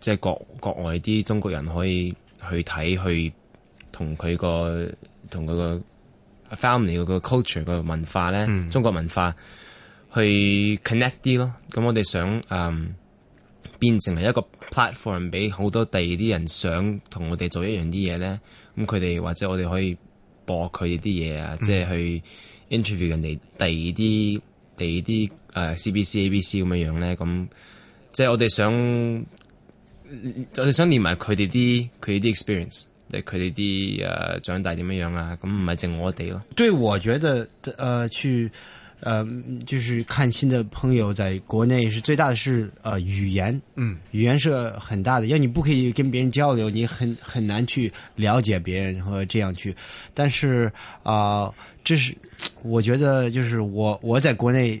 即係國，國外啲中國人可以去睇，去同佢個，同佢個 family 嗰個 culture 個文化咧，化，嗯、中國文化去 connect 啲咯。咁我哋想嗯，變成一個 platform 俾好多第二啲人想同我哋做一樣啲嘢咧。咁佢哋或者我哋可以播佢哋啲嘢啊，即係去 interview 人哋第二啲第二啲 C B C A B C 咁樣樣咧。咁即係我哋想。就 想佢哋啲佢哋啲 experience，佢哋啲誒長大點樣樣，咁唔係淨我哋咯。對，我覺得呃去呃就是看新的朋友在國內是最大的是呃語言，嗯，語言是很大的，因為你不可以跟別人交流，你很很難去了解別人然後這樣去。但是啊，這、呃就是我覺得，就是我我在國內。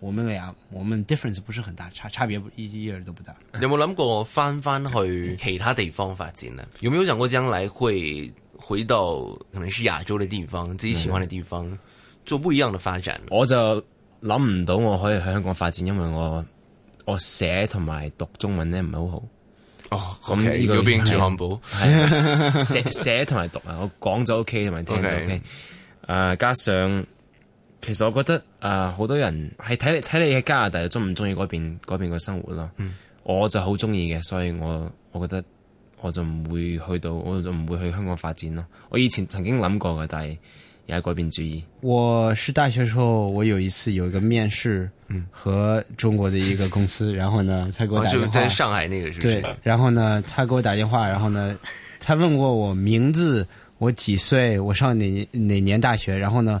我們倆我們 difference 不是很大，差差別一一點都不大。有冇諗過翻翻去其他地方發展咧、嗯？有沒有想過將來會回到可能是亞洲的地方，自己喜歡的地方、嗯、做不一樣的發展？我就諗唔到我可以喺香港發展，因為我我寫同埋讀中文呢唔係好好。哦，咁呢邊住漢堡，寫寫同埋讀啊，我講咗 OK，同埋聽咗 OK, okay。誒、呃，加上。其實我覺得啊，好、呃、多人係睇你睇你喺加拿大中唔中意嗰邊嗰邊個生活咯、嗯。我就好中意嘅，所以我我覺得我就唔會去到，我就唔會去香港發展咯。我以前曾經諗過嘅，但係而家改變主意。我是大學時候，我有一次有一個面試，和中國的一個公司，嗯、然後呢，他給我打電話。就是在上海那個，對，然後呢，他給我打電話，然後呢，他問過我名字，我幾歲，我上哪哪年大學，然後呢？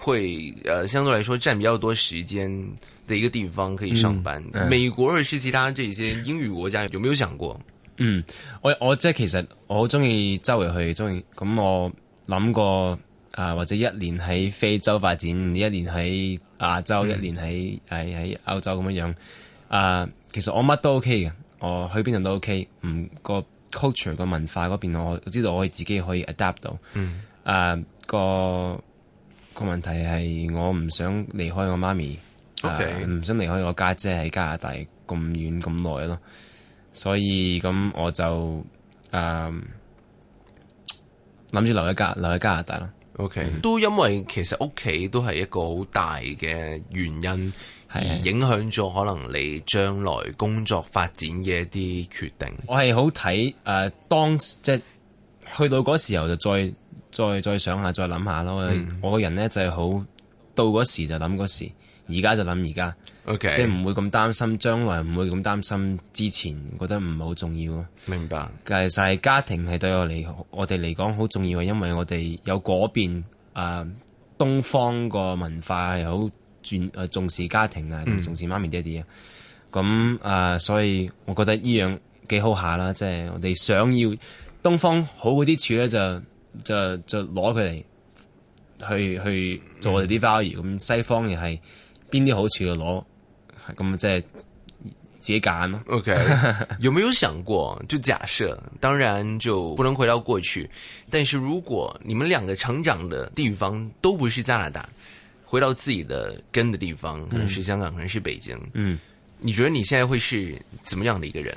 會，誒，相對嚟說佔比較多時間嘅一個地方可以上班。嗯、美國或是其他這些英語國家，嗯、有沒有想過？嗯，我我即係其實我好中意周圍去，中意咁我諗過啊、呃，或者一年喺非洲發展，一年喺亞洲，嗯、一年喺喺喺歐洲咁樣樣啊、呃。其實我乜都 OK 嘅，我去邊度都 OK。嗯個 culture 個文化嗰邊，我知道我係自己可以 adapt 到。嗯啊、呃、個。個問題係我唔想離開我媽咪，唔、okay. 啊、想離開我家姐喺加拿大咁遠咁耐咯，所以咁我就諗住、啊、留喺加留喺加拿大咯。O、okay. K，、嗯、都因為其實屋企都係一個好大嘅原因，而影響咗可能你將來工作發展嘅一啲決定。是我係好睇誒、啊，當即去到嗰時候就再。再再想下，再諗下咯，嗯。我個人呢，就係好到嗰時就諗嗰時，而家就諗而家，即係唔會咁擔心將來，唔會咁擔心之前，覺得唔係好重要。明白，其實係家庭係對我嚟，我哋嚟講好重要，因為我哋有嗰邊誒東方個文化係好轉重視家庭啊，嗯、重視媽咪爹哋、嗯、啊。咁誒，所以我覺得呢樣幾好下啦，即、就、係、是、我哋想要東方好嗰啲處呢，就。就就攞佢嚟去去做我哋啲 value，咁西方又係邊啲好處就攞，咁即係自己揀。OK，有沒有想過就假設，當然就不能回到過去，但是如果你們兩個成長的地方都不是加拿大，回到自己的根的地方，可能是香港，可能是北京，嗯，你覺得你現在會是怎麼樣的一個人？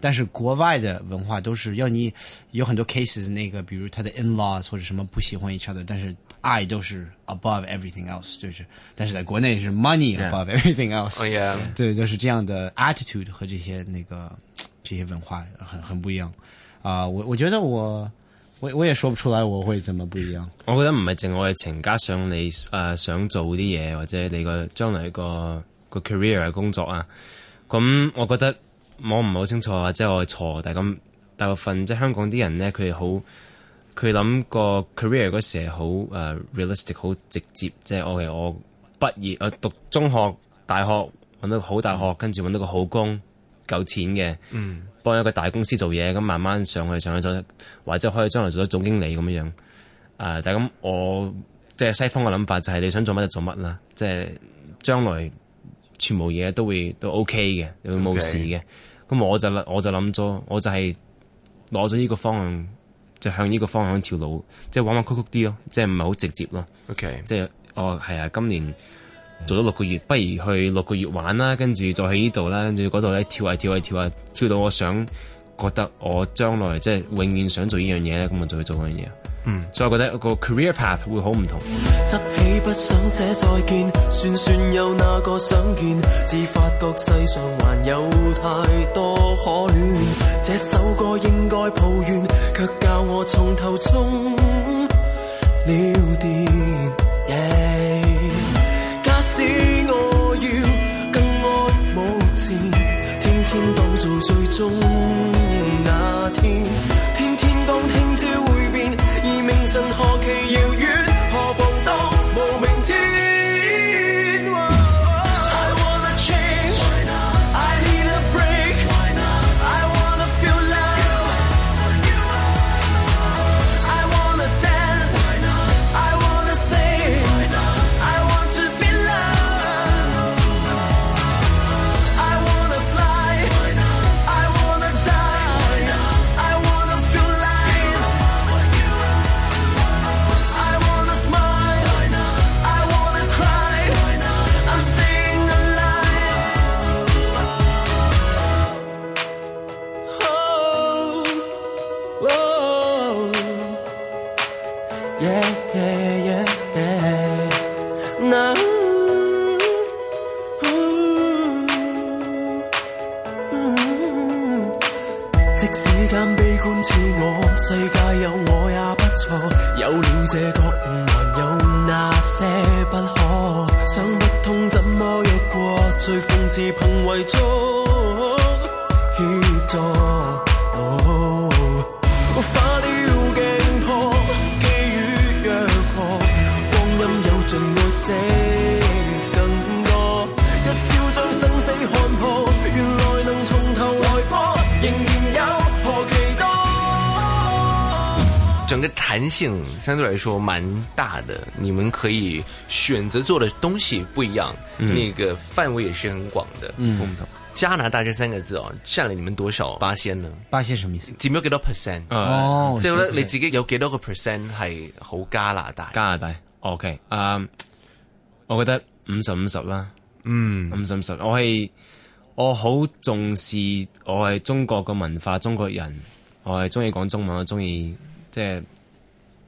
但是國外的文化都是要你有很多 cases，那個比如他的 in laws 或者什麼不喜歡 each other，但是愛都是 above everything else，就是但是在國內是 money above everything else，、yeah. 對, oh, yeah. 對，就是這樣的 attitude 和這些那個這些文化很很不一樣啊，uh, 我我覺得我我我也說不出來我會怎麼不一樣，我覺得唔係淨係情加上你誒、呃、想做啲嘢，或者你個將來個個 career 工作啊，咁、嗯嗯嗯、我覺得。我唔係好清楚啊，即係我係錯，但係咁大部分即係香港啲人咧，佢哋好佢諗個 career 嗰時係好 realistic，好直接，即係我係我畢業，我讀中學、大學搵到個好大學，跟住搵到個好工夠錢嘅，嗯，幫一個大公司做嘢，咁慢慢上去上去咗，或者可以將來做咗總經理咁樣，但係咁我即係西方嘅諗法就係你想做乜就做乜啦，即係將來全部嘢都會都 OK 嘅，你會冇事嘅。Okay. 咁我就我就諗咗，我就係攞咗呢個方向，就向呢個方向跳路，即係彎彎曲曲啲咯，即係唔係好直接咯。OK，即係哦係啊，今年做咗六個月，不如去六個月玩啦，跟住再喺呢度啦，跟住嗰度咧跳下跳下跳下，跳到我想覺得我將來即係永遠想做呢樣嘢咧，咁我就去做呢樣嘢。嗯，所以我覺得個 career path 會好唔同。執起不想寫再見，算算有那個想見，只發覺世上還有太多可戀，這首歌應該抱怨，卻教我從頭充了電。相對來說蠻大的，你們可以選擇做的東西不一樣，嗯、那個範圍也是很廣的。嗯、懂懂加拿大這三個字哦，佔咗你們多少？巴仙呢？巴仙是什麼意思？佔咗幾多 percent？哦，即係、哦、我覺得你自己有幾多個 percent 係好加拿大？加拿大？OK，啊、um,，我覺得五十五十啦。嗯，五十五十，我係我好重視我係中國嘅文化，中國人，我係中意講中文，我中意即係。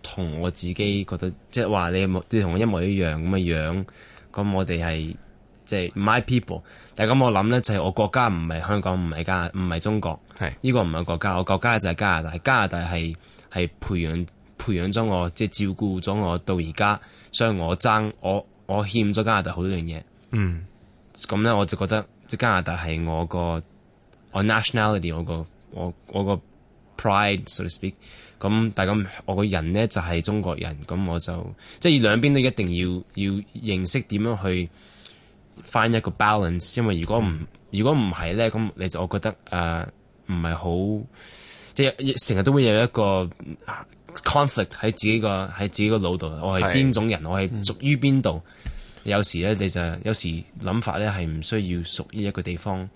同我自己覺得，即係話你有冇你同我一模一樣咁嘅樣，咁我哋係即係 my people。但係咁我諗咧，就係、是、我國家唔係香港，唔係加拿，唔係中國。呢依、這個唔係國家，我國家就係加拿大。加拿大係係培養培養咗我，即係照顧咗我到而家，所以我爭我我欠咗加拿大好多樣嘢。嗯，咁咧我就覺得即係加拿大係我個我 nationality，我個我我個。Pride，so to speak，咁但係咁我個人呢，就係、是、中國人，咁我就即係兩邊都一定要要認識點樣去 find 一個 balance，因為如果唔、嗯、如果唔係呢，咁你就我覺得誒唔係好即係成日都會有一個 conflict 喺自己個喺自己個腦度，我係邊種人，是我係屬於邊度、嗯？有時呢，你就有時諗法呢，係唔需要屬於一個地方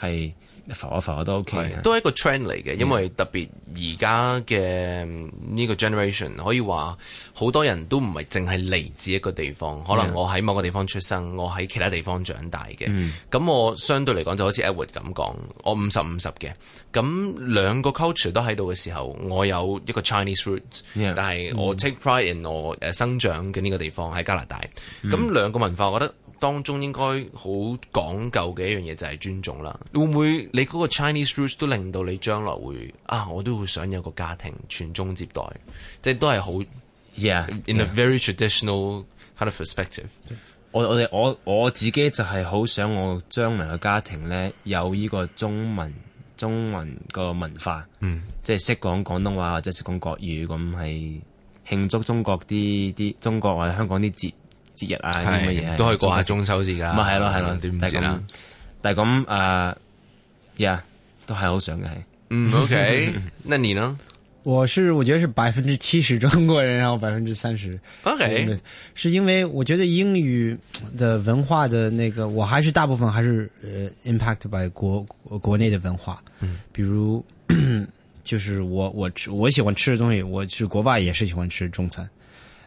係。是浮下浮下都 OK，都係一個 trend 嚟嘅，嗯、因為特別而家嘅呢個 generation 可以話好多人都唔係淨係嚟自一個地方，可能我喺某個地方出生，我喺其他地方長大嘅，咁、嗯、我相對嚟講就好似 Edward 咁講，我五十五十嘅，咁兩個 culture 都喺度嘅時候，我有一個 Chinese roots、嗯、但係我 take pride in 我誒生長嘅呢個地方喺加拿大，咁兩個文化，我覺得。當中應該好講究嘅一樣嘢就係尊重啦。會唔會你嗰個 Chinese roots 都令到你將來會啊？我都會想有個家庭傳宗接代，即係都係好。Yeah，in a very traditional kind of perspective。Yeah, yeah. 我我哋我我自己就係好想我將來嘅家庭呢有呢個中文中文個文化，嗯、mm.，即係識講廣東話或者識講國語咁，係慶祝中國啲啲中國或者香港啲節節日啊啲乜嘢都可以過下中秋節噶、啊，咪係咯係咯。但係咁、啊，但係咁啊，呀、uh, yeah,，都係好想嘅係。嗯、mm,，OK， 那你呢？我是我覺得是百分之七十中國人，然後百分之三十 OK，、um, 是因為我覺得英語的文化的，那個我還是大部分還是呃 impact by 國國內的文化，嗯、比如就是我我我喜歡吃的東西，我去國外也是喜歡吃中餐。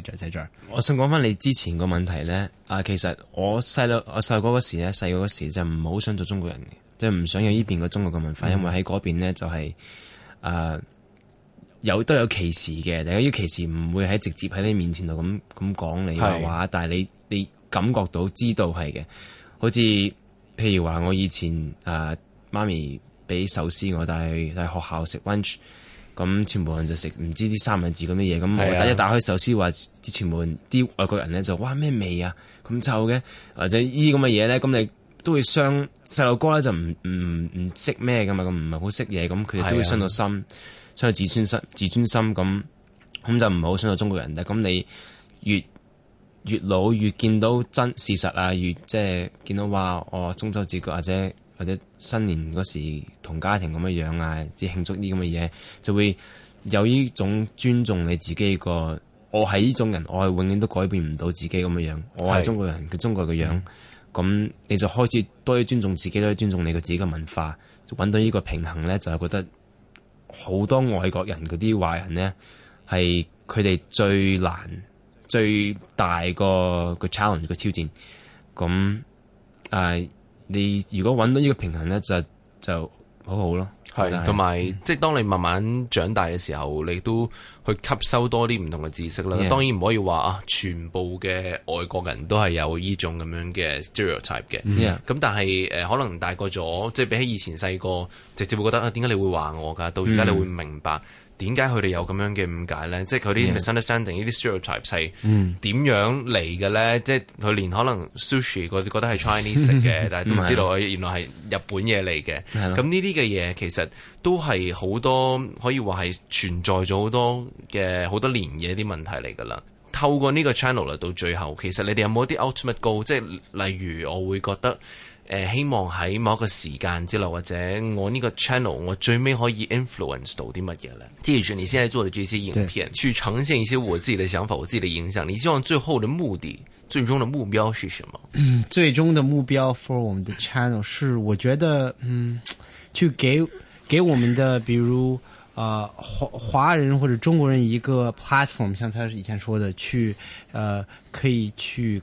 製作我想講翻你之前個問題呢。啊，其實我細佬，我細個嗰時呢，細個嗰時就唔好想做中國人嘅，即係唔想有呢邊個中國嘅文化，嗯、因為喺嗰邊呢就係、是、誒、呃、有都有歧視嘅。大家依歧視唔會喺直接喺你面前度咁咁講你嘅話，但係你你感覺到知道係嘅。好似譬如話，我以前誒、呃、媽咪俾壽司我帶去，帶去學校食咁全部人就食唔知啲三文治咁嘅嘢，咁第一打開壽司話啲全部啲外國人咧就哇，咩味啊，咁臭嘅，或者依啲咁嘅嘢咧，咁你都會傷細路哥咧就唔唔唔識咩噶嘛，咁唔係好識嘢，咁佢都會傷到心，傷到自尊心、自尊心咁，咁就唔係好傷到中國人嘅。咁你越越老越見到真事實啊，越即係、就是、見到話我、哦、中洲這個或者……或者新年嗰時同家庭咁嘅樣啊，即慶祝啲咁嘅嘢，就會有呢種尊重你自己個，我係呢種人，我係永遠都改變唔到自己咁嘅樣，我係中國人嘅中國嘅樣，咁、嗯、你就開始多啲尊重自己，多啲尊重你嘅自己嘅文化，揾到呢個平衡咧，就係覺得好多外國人嗰啲華人咧，係佢哋最難、最大個個 challenge 個挑戰，咁誒。呃你如果揾到呢個平衡咧，就就好好咯。係，同埋即係當你慢慢長大嘅時候，你都去吸收多啲唔同嘅知識啦。Yeah. 當然唔可以話啊，全部嘅外國人都係有依種咁樣嘅 stereotype 嘅。咁 Yeah. 但係誒、呃，可能大個咗，即係比起以前細個，直接會覺得啊，點解你會話我㗎？到而家你會明白。Yeah. 嗯點解佢哋有咁樣嘅誤解咧？即係佢啲 misunderstanding，yeah. 呢啲 stereotypes 係點樣嚟嘅咧？Mm. 即係佢連可能 sushi 覺得係 Chinese 嘅， 但係都唔知道原來係日本嘢嚟嘅。咁呢啲嘅嘢其實都係好多可以話係存在咗好多嘅好多年嘅一啲問題嚟㗎啦。透過呢個 channel 嚟到最後，其實你哋有冇一啲 ultimate goal？即係例如，我會覺得。誒、哎，希望喺某個時間之內，或者我呢個 channel，我最尾可以 influence 到啲乜嘢呢？借住你現在做的這些影片，去呈現一些我自己的想法，我自己的影響。你希望最後的目的，最終的目標是什麼？嗯、最終的目標 for 我們的 channel 是，我覺得，嗯，去給給我們的，比如啊華華人或者中國人一個 platform，像他以前說的，去，呃，可以去。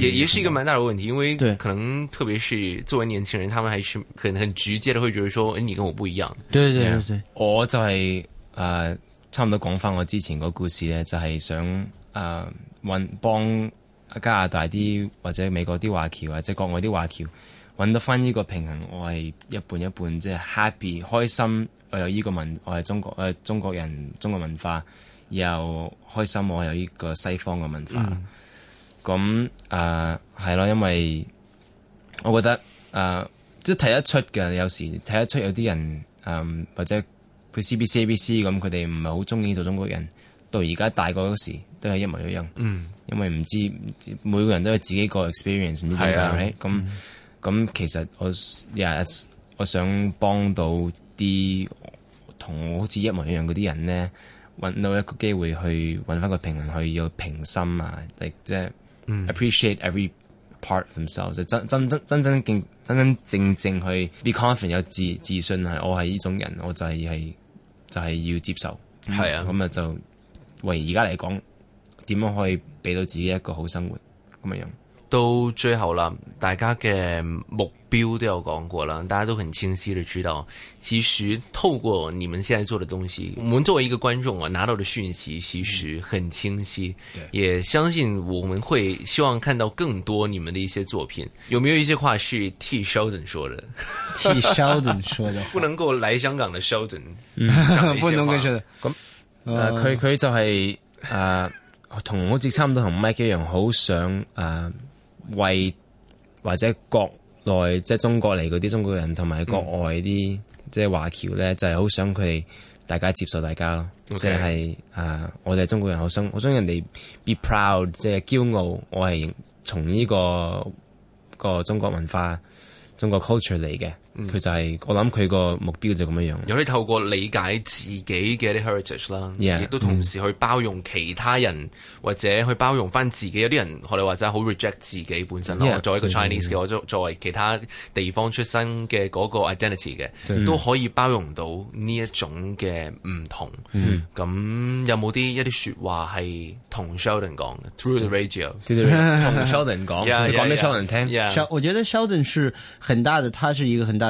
也也是一個蠻大的問題，因為可能特別是作為年輕人，他們還是可能很直接的會覺得說，誒，你跟我不一樣。對對對，對我就係、是、誒、呃，差唔多講翻我之前個故事咧，就係、是、想誒，搵、呃、幫加拿大啲或者美國啲華僑或者國外啲華僑，搵得翻呢個平衡，我係一半一半，即、就、係、是、happy 開心，我有呢個文，我係中國誒、呃、中國人，中國文化又開心，我有呢個西方嘅文化。嗯咁誒係咯，因為我覺得誒即係睇得出嘅，有時睇得出有啲人誒、呃、或者佢 C B C A B C 咁，佢哋唔係好中意做中國人。到而家大個嗰時，都係一模一樣。嗯，因為唔知每個人都有自己個 experience，唔知點解咁、嗯、咁。啊 right? 嗯、其實我日、yeah, 我想幫到啲同我好似一模一樣嗰啲人咧，搵到一個機會去搵翻個平衡去要平心啊，即係。appreciate every part themselves 就真真真真真正真真正正去 be confident 有自自信係我係呢種人我就係、係、要就係、係、要接受係啊咁啊就為而家嚟講點樣可以俾到自己一個好生活咁樣樣？到最後啦大家嘅目 Bill 都要講過了，大家都很清晰地知道，其實透過你們現在做的東西，我們作為一個觀眾我、啊、拿到的訊息其實很清晰、嗯。也相信我們會希望看到更多你們的一些作品。有沒有一些話是替 Sheldon 說的？替 Sheldon 說的，不能夠來香港的 Sheldon 不能夠的咁，佢佢就係啊，同我直差唔多，同 Mike 一樣，好想啊，為、呃、或者各。內即係中國嚟啲中國人同埋國外啲即係華僑咧，就係、是、好想佢哋大家接受大家咯，即係誒我哋係中國人，好想好想人哋 be proud，即係驕傲，我係從呢個個中國文化、中國 culture 嚟嘅。佢就係、是、我諗佢個目標就咁樣樣，有啲透過理解自己嘅啲 heritage 啦，亦都同時去包容其他人、mm. 或者去包容翻自己。有啲人學你話齋好 reject 自己本身咯，yeah, 作為一個 Chinese 嘅、mm. 我作為其他地方出身嘅個 identity 嘅、mm.，都可以包容到呢一種嘅唔同。咁、mm. 有冇啲一啲說話係同 Sheldon 講嘅 through the radio，同 Sheldon 講講俾 Sheldon 聽。Yeah. 我覺得 Sheldon 是很大的，他是一個很大